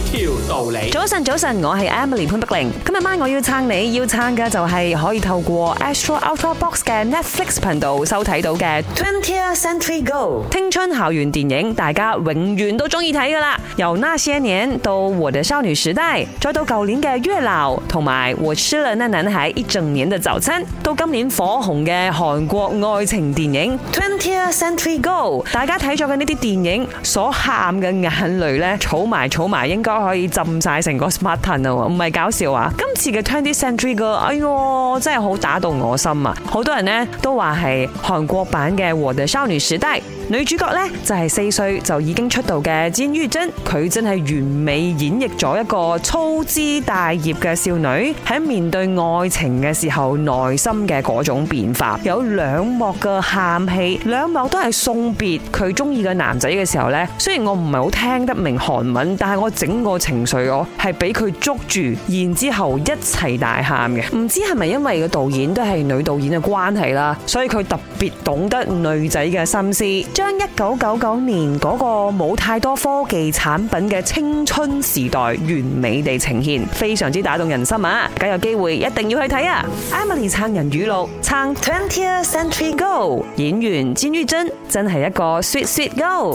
條道理。早晨，早晨，我係 Emily 潘德玲。今日晚我要撐你，要撐嘅就係可以透過 Astro Ultra Box 嘅 Netflix 頻道收睇到嘅《Twentieth Century Girl》青春校園電影。大家永遠都中意睇噶啦，由那些年到我的少女時代，再到舊年嘅《月老》同埋《我食咗那男孩一整年嘅早餐》，到今年火紅嘅韓國愛情電影《Twentieth Century Girl》。大家睇咗嘅呢啲電影所喊嘅眼淚咧，儲埋儲埋應。應該可以浸晒成個 smart 騰咯，唔係搞笑啊！今次嘅 twenty century 嘅，哎喲，真係好打動我心啊！好多人呢都話係韓國版嘅《我的少女時代》，女主角呢就係、是、四歲就已經出道嘅金裕貞，佢真係完美演繹咗一個粗枝大葉嘅少女喺面對愛情嘅時候內心嘅嗰種變化。有兩幕嘅喊戲，兩幕都係送別佢中意嘅男仔嘅時候呢，雖然我唔係好聽得明韓文，但係我整。整個情緒我係俾佢捉住，然之後一齊大喊嘅，唔知係咪因為個導演都係女導演嘅關係啦，所以佢特別懂得女仔嘅心思，將一九九九年嗰個冇太多科技產品嘅青春時代完美地呈現，非常之打動人心啊！梗有機會一定要去睇啊！Emily 撐人語錄撐 20th Century Girl 演員詹玉珍真係一個 sweet sweet girl。